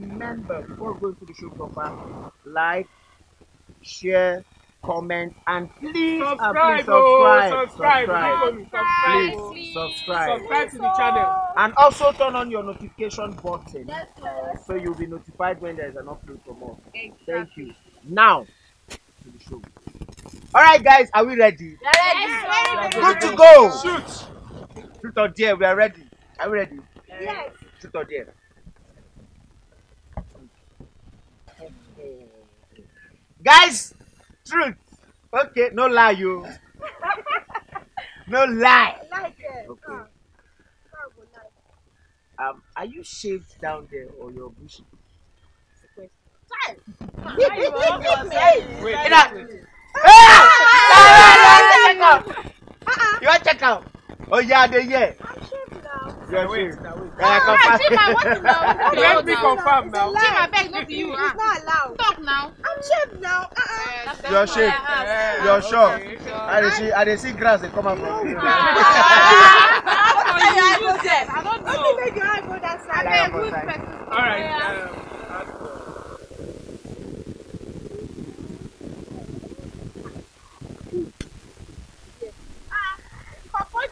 remember before going to the show proper, like, share, comment, and please subscribe. oh, subscribe, subscribe, subscribe, subscribe, please, subscribe, subscribe to the channel, and also turn on your notification button so you'll be notified when there is an upload for more. Exactly. Thank you. Now to the show. All right, guys, are we ready? Yes, ready. Good to go. Shoot. Shoot or dare, we are ready. Are we ready? Yes. Shoot or dare. guys truth okay no lie yo no lie. okay. Um, are you shaved down there or you're bushy? Wait, get out. You want check out? Oh yeah, they yeah. I'm shaved now. Yeah, wait. Yeah, ah, confirm. Let me confirm now. Chima, beg, not you. It's not allowed. Talk now. I'm now. Uh-uh. You're shaved. Yeah, You're okay, sure. I see I dey see grass They come out from What kind of eye I don't know. Only make your eye go that side. I mean, good person. All right. Yeah. Um, ah, oh,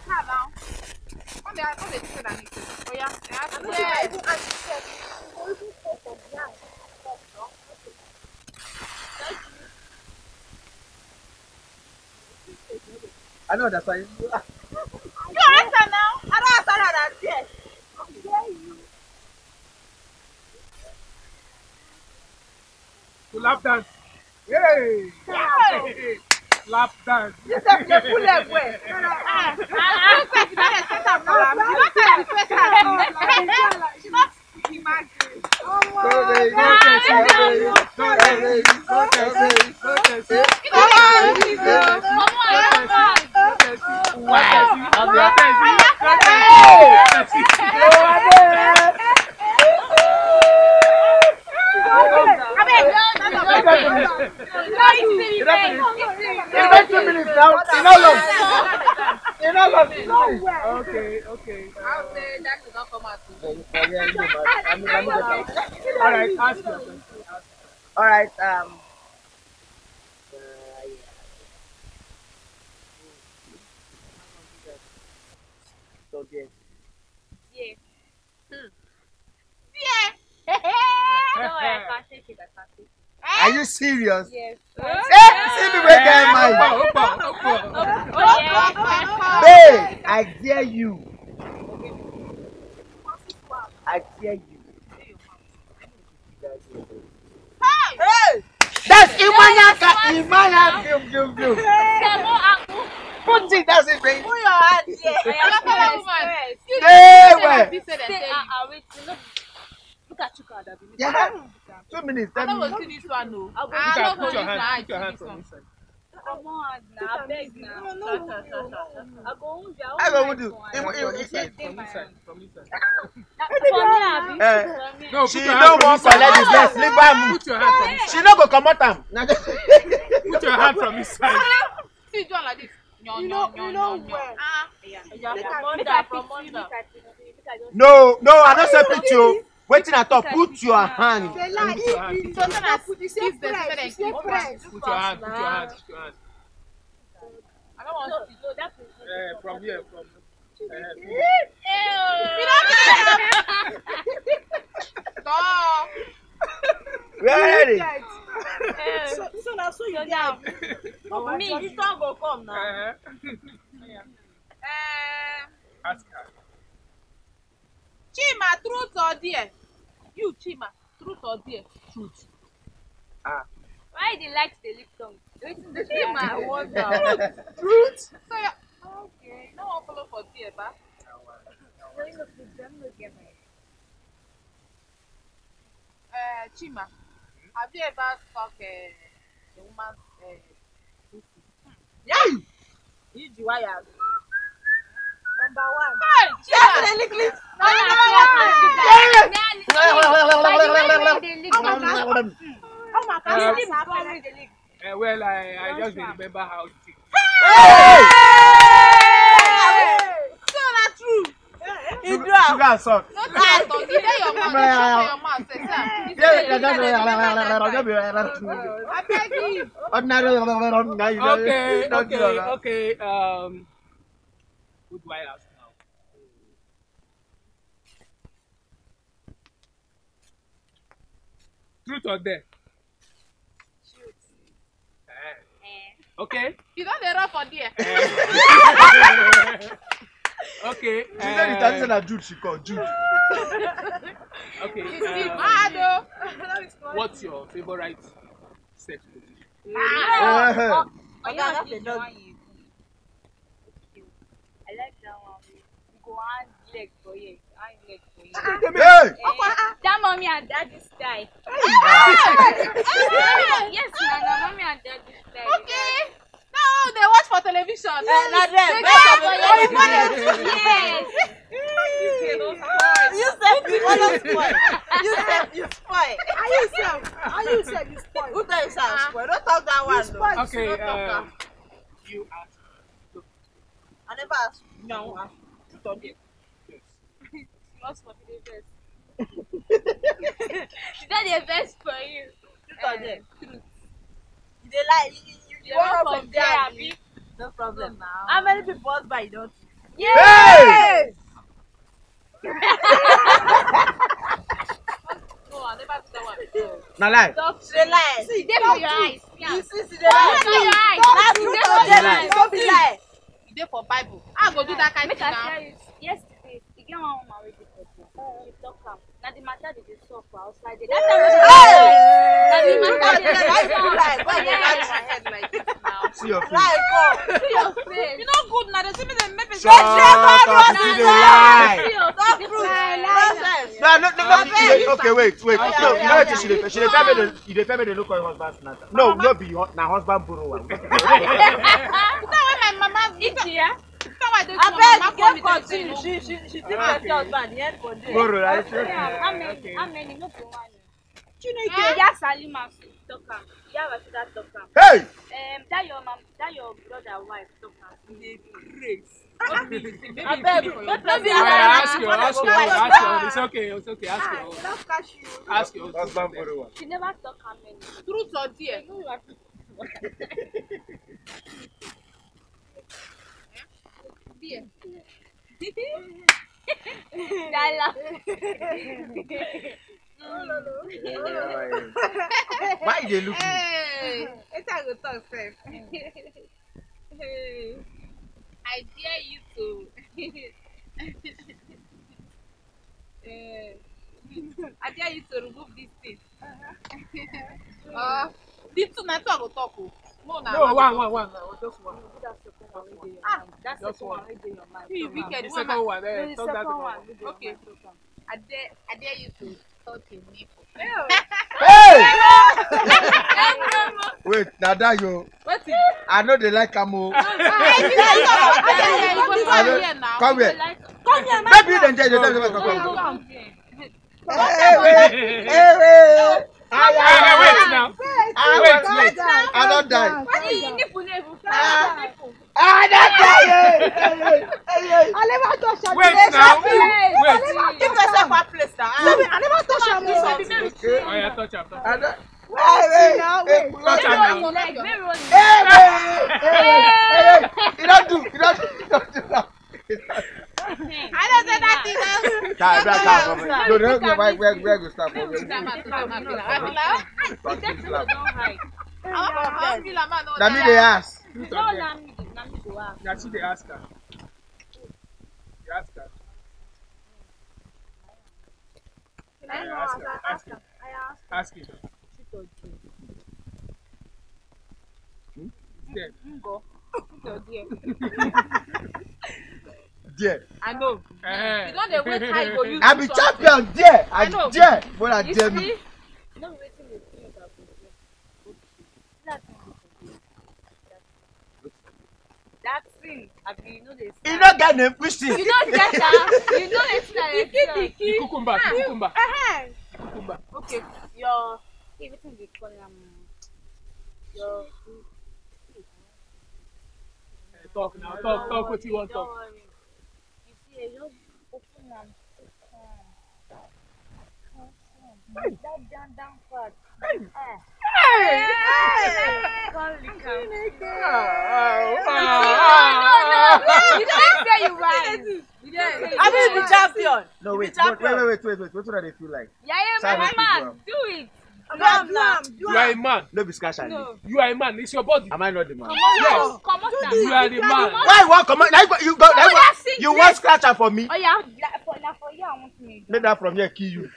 Yeah, I don't understand. I know that's why. You, ah. you answer now. I don't answer that yet. How dare you? To lap dance. Yay! Yeah. lap dance. You said you pull up way. No, no. Ah, ah, ah. You don't take the first time. You don't take the first time. It's been two minutes now. It's not long. are nowhere. Okay, okay. I'll say that is not come out. All right, ask you. All right, um. Uh, yeah. So, yeah. Yeah. Hmm. Yeah. no, I can't take it. I not Are you serious? Yes. Hey, see me where they are. Babe, I dare you. I dare you. Hey! Hey! That's Imanyaka! Imanyaka! Gloom, gloom, gloom. Put it, that's it, babe. Put your hand here. Hey, where? Look at you, Kada. Yeah. Two minutes. I don't want to see this one, no. I don't want to see this one. I go do. No, eh, she no wan collect the bless. Leave by me. She no go come out. Put your hand from his side. See John like this. You know, you know where. Ah, yeah. From under, from under. No, no, I no say picture. Waiting at all? put your hand. if so so na the same price the same put your hand put your hand put your hand. i no wan see. no that place. Uh, from here from. Uh, Stop. We are ready. so, so na so you now. Me, this one go come now. Uh, Ask her. Chima, truth or dare? You, Chima, truth or dare? Truth. Ah. Why they like they lip tongue? Chima, wonder. truth. Truth. So, okay, no one follow for dare, ba? Uh, Chima, have you ever stuck uh, eh, a woman? uh, pussy? Yeah! You do I have well, I, I just remember how it is. Hey! So that's true. Sugar and salt. You your mouth. Your mouth. Okay, okay, okay. Um. Who do I ask now? Truth or dare? Truth. Eh. Okay. You don't error for there. okay. She said the as eh. that Jude. She called Jude. okay. um, mad eh. What's your favorite sex position? Ah, oh, oh, oh, yeah, that's the dog that mommy and daddy style. Yes, na mommy and daddy style. Okay. Now they watch for television. Uh, You said Okay. I never asked. No, I done it. you asked for the best. Is that the best for you? You done it. You like you you, want from, from there, there No problem now. How many people bought by you don't? Yes. no, I never did that one. No. Na lie. Talk to the lie. See, they for your eyes. You see, see the lie. Talk to your eyes. That's true. Don't be lie dey for bible how i go do that kind thing now. yesterday e get one woman wey dey for there she talk am na the matter dey dey sup for outside there that time wey dey na the matter dey dey sup for outside there. why you dey my head like this now. see your face. lie come. Oh! see your face. you no good na dey see me dey make me. shut up as you dey lie. don prove nonsense. no no no no no okay wait wait no you know wetin she dey she dey tell me dey you dey tell me dey no call your husband snatcher no no be na husband borrower. idiot. abeg get continue she she she still get your husband yet for there. moro i sure how many how many no go one. chineke ya salima talk am ya talk am. hey. Um, that your mam that your brother wife talk am. dey abeg ask your ask your ask your it's okay it's okay ask ah, your ask your she never talk am any. truth or dare. Beer. Dala. Why you dey look me? Hey, later I go talk Hey, I dare you to. I dare you to remove this thing. Uh this two na two I go talk No, no, no one, one, one, no, just one. That's the second one. Just ah, that's just the one. one. See, we can the second one. Eh, the second one. Okay. I dare, I dare you to touch his nipple. Hey! Wait, Nada that you. What's it? I know they like camo. Come here. Come here, man. Maybe you don't judge yourself. Come here. Hey, wait. Hey, wait. Hey, wait. Wait now. Wait now not ah, die. Ah, that's it. Wait now. Wait. Give yourself a place I never touch am. Okay. Oh yeah, touch am. Wait, now. wait, hey, don't do, you don't do, you don't do I don't say that thing. Stop, stop, stop. No, no, no. Where, where, where go stop? Stop, stop, stop. I feel like ask na me dey ask truth or dare na she dey ask her. dey ask am. Ask her. Ask him. Ask him. Hmm? Dead. there. I know. Uh-huh. You don't know, wait how you go eh. use. I be champion there. I, I know. there. What I dare me. No waiting with you. That's that thing abi you no dey see. you no get name pussy. you no get am you no dey see am. the key the key the cucumber the ah, cucumber. the uh-huh. cucumber. okay your hey wetin you dey call am um, your. Eh, talk now talk talk wetin you wan talk. you see i eh, just open am that down down part. Hey! Come, come. No, no, you don't say you won. I will be champion. No, wait, wait, wait, wait, wait. What do they feel like? Yeah, yeah, my man, do it. No, I'm You are a man. No be scratch and no. You are a man. It's your body. Am I not the man? Come on, yes. Come on, you are the man. Why you want come on? You go. You want scratch for me? Oh yeah that for you, I want to make that from here kill you.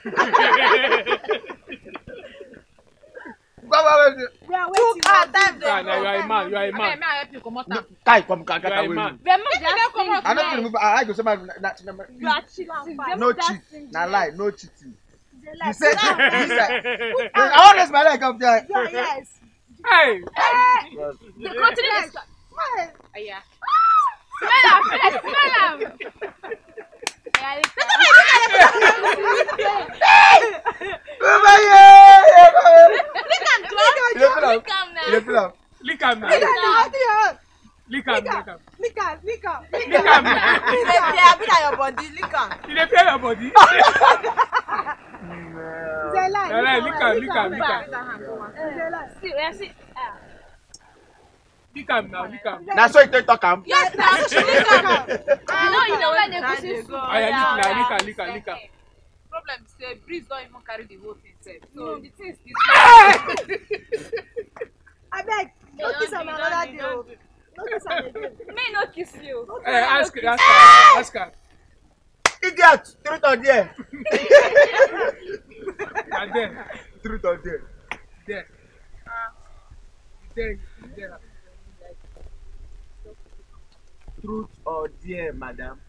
Two car time dem. You are a man. You are a man. Abeg, may I help you comot am? Kai, come, come, You are a man. Make you I no remove. I go say my. You are cheating. No cheat. Na lie. No cheating. You said. You said. I wan raise my leg up there. Yes. Hey. Hey. The continent is. Smell am. Smell am. Baba ye. Lick am now. Lick am now. Lick e You take talk am. Yes, na lick am. You you dey go oya oya lika lika lika problem is say eh, breeze don't even carry the whole thing sef so the thing still I beg, don't kiss am another day o no kiss am again. me no kiss you. Eh, ask her ask her ask her. idiot truth or dare. na there truth or dare. there. Uh, there there. truth or dare madam.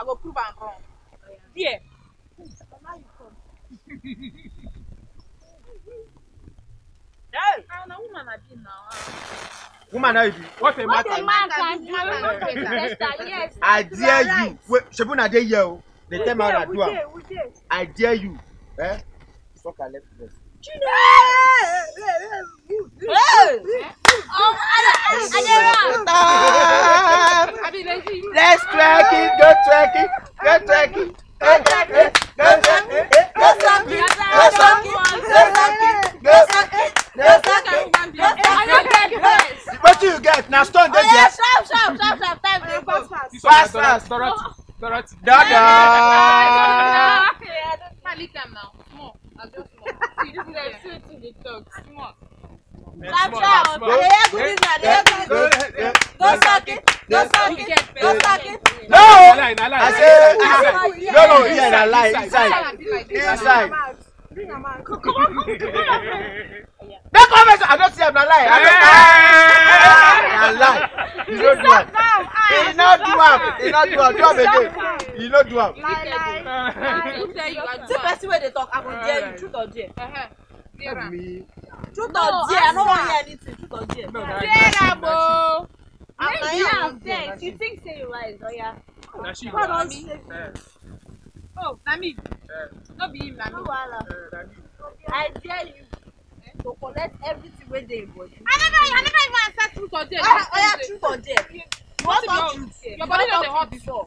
I go prove I'm wrong. Oh, yeah. no. woman I be now. Ah. woman how be what a man can do what a man can i dare you wait shebu na dey here o dey tell me do am i dare you eh soccer left first. Let's track it, go track it, go track it, go twerk it, go twerk it, go twerk it, go twerk it, go twerk it, go twerk it, go twerk it, go twerk it. What you get? Now stone dey there. Stop, stop, stop, stop, time. Fast, fast. Dorothy, Dorothy. Dada. I don't tell them now. No, clap. Go suck it. Go suck it. Go suck it. No! I said, no, no, yeah, that lie. Inside. Inside. Come on, come on. That comment, I don't see him, that lie. I don't lie. You don't do it. He not do it. He not do it. Do it again. You not do it. Lie, lie. Two person where they talk, I go dare you. Truth or dare. Truth or dare? I don't want to hear anything. Truth or dare? dare, bro. Maybe you have sex. You think say you rise, oh yeah. Eh. Oh, na me. No be him, na eh, me. I dare you eh, to collect everything wey dey your I never, I never even answer truth or dare. Ah, oya oh, truth or dare. You wan talk truth? Your body don dey hot before.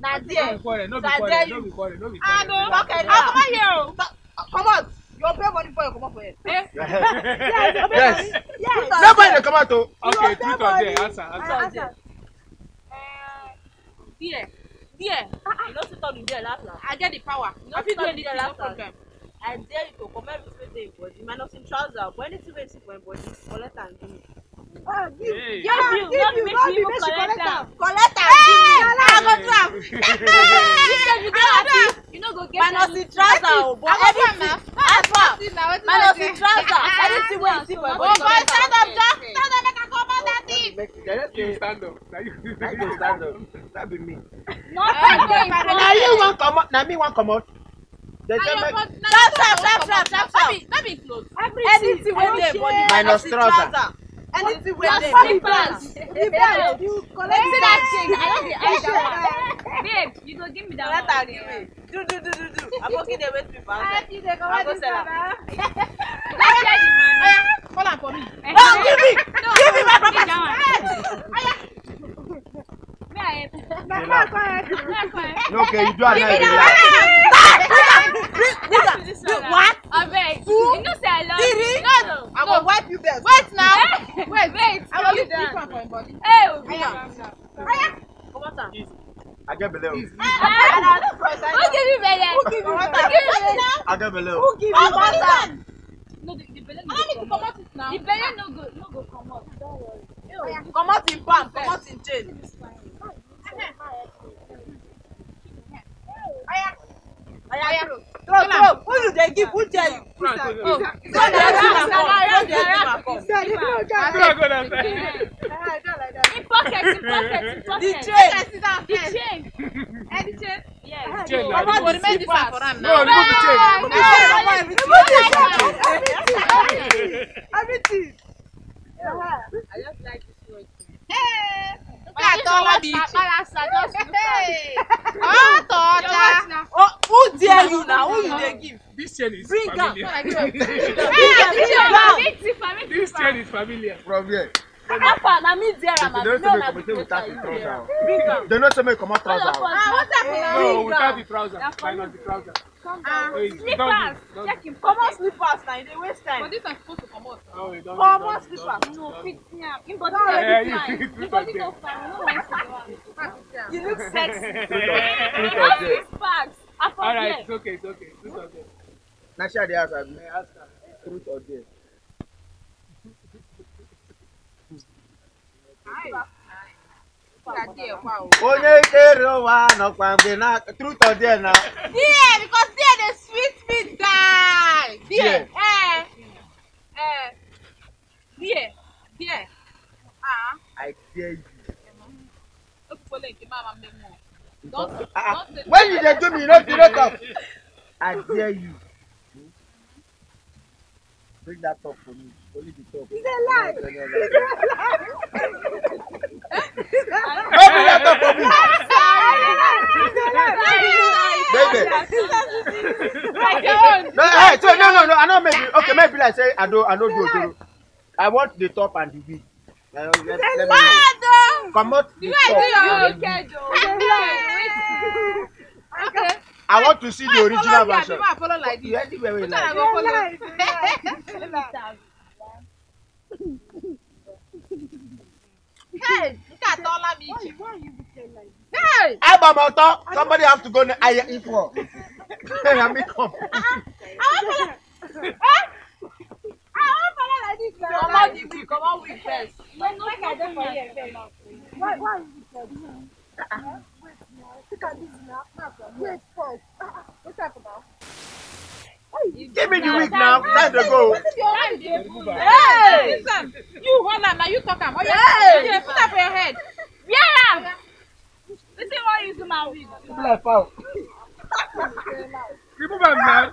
Na there. Na there you. I ah, go. Okay, now. Uh, come on here. Come on. You pay money before you comot for here. Eh? yes yes nobody dey comot o. Oh. okay two to there answer answer. there there ah, ah. you not sit on to there last last. i get the power you not sit on to there last last. i dare you to comot everything wey boy. You body not im trousers. but anything wey you see for im body collect am give me. Oh, give. Hey. Yeah, give you. Give you. Not be make she collect am. Collect am. Hey, I go do am. You said you dey happy. You know go get any. Minus the trouser o. But everything. As far. Minus the trouser. Anything wey you see for your body. Oh boy, stand up, John. Stand up make I come out that thing. You stand up. Na you stand up. Na be me. Na you wan comot. Na me wan comot. Stop, stop, stop, stop, stop, stop. Not be clothes. Anything wey dey body minus trouser anything wey dey slippers the belt you collect see that thing. i don dey babe you go give me that one let her give me do do do do do aboki dey wait me for outside i go sell am let's get the money call am for me eh, eh, eh, no give me give me my property may i help you na me i come help you me i come help you okay you do am now you dey laugh what oh, abeg you know say i love you. I no. will wipe you there. Wait now. Eh? wait, wait. I will leave this one for your body. Hey, Obi. Aya. Owata. Easy. I get below. Easy. Ah. Who give you belly? Who give you belly? Who give you belly? I get below. Who give you belly? No, the, the belly no to come out. Now. The belly ah. no go, no go come out. Don't worry. Oh, Ew. Come out in palm, come out in chain. Aya. Aya, throw, throw. Who you dey give? Who tell you? Throw, throw. That's not In pocket, in pocket, in pocket. The chain. The chain. Eh, the chain? Yes. Chain. Papa, go remain this one for him now. No, remove the chain. No, Papa, everything. Everything. Everything. I just like this one. Hey! Look at Tola Beach. Malasa, just look at it. Oh, Tola. Oh, who dare you now? Who you dey give? chain is Bring familiar. Up. Bring up. This chain is familiar. From here. Papa, na me there, am I? No, na me there. Bring up. They not say me come out trouser. Ah, what's happening? No, without the trouser. Minus the trouser. Come down. Slippers. Check him. Come on, slippers now. They waste time. But this one supposed to come out. Oh, Come on, slippers. No, fix him. In yeah, you fit. Body go You look sexy. Yeah. All right, it's okay, it's okay. It's okay. Nasha dey ask am, truth or dare? Onye ikere ụwa nọkwa mgbe na truth or dare na. Dare because dare dey sweet me die. Dare. Eh. Eh. Ah. I dare you. Ah, ah, when you dey do me, you no fit talk. I dare you. Bring that up for me. Only the top. He's a lie. He's a lie. Don't bring that up for me. Baby. no, hey, so, no, no, no. I know maybe. Okay, maybe like say I don't, I don't do, do. I want the top and the wig. Let, let, me know. Come out the top. You are doing your wicked, though. Okay. I want to see the original version. I follow like this. You where like. I go follow. Hey, look at all of me. Why you pretend like this? Hey! somebody have to go and I eat for. Let me come. Uh-huh. I want follow. I want follow like this. Come on, give me. Come on, we first. No, no, I don't follow you first. Why, why you pretend? Uh-uh. Look at this now. Wait. Give me the wig now. Time to go. Hey! Listen, you hold am, now you talk am. Hey, yeah. Put up your head. Yeah. am. The thing won't use my wig. People are Remove am now.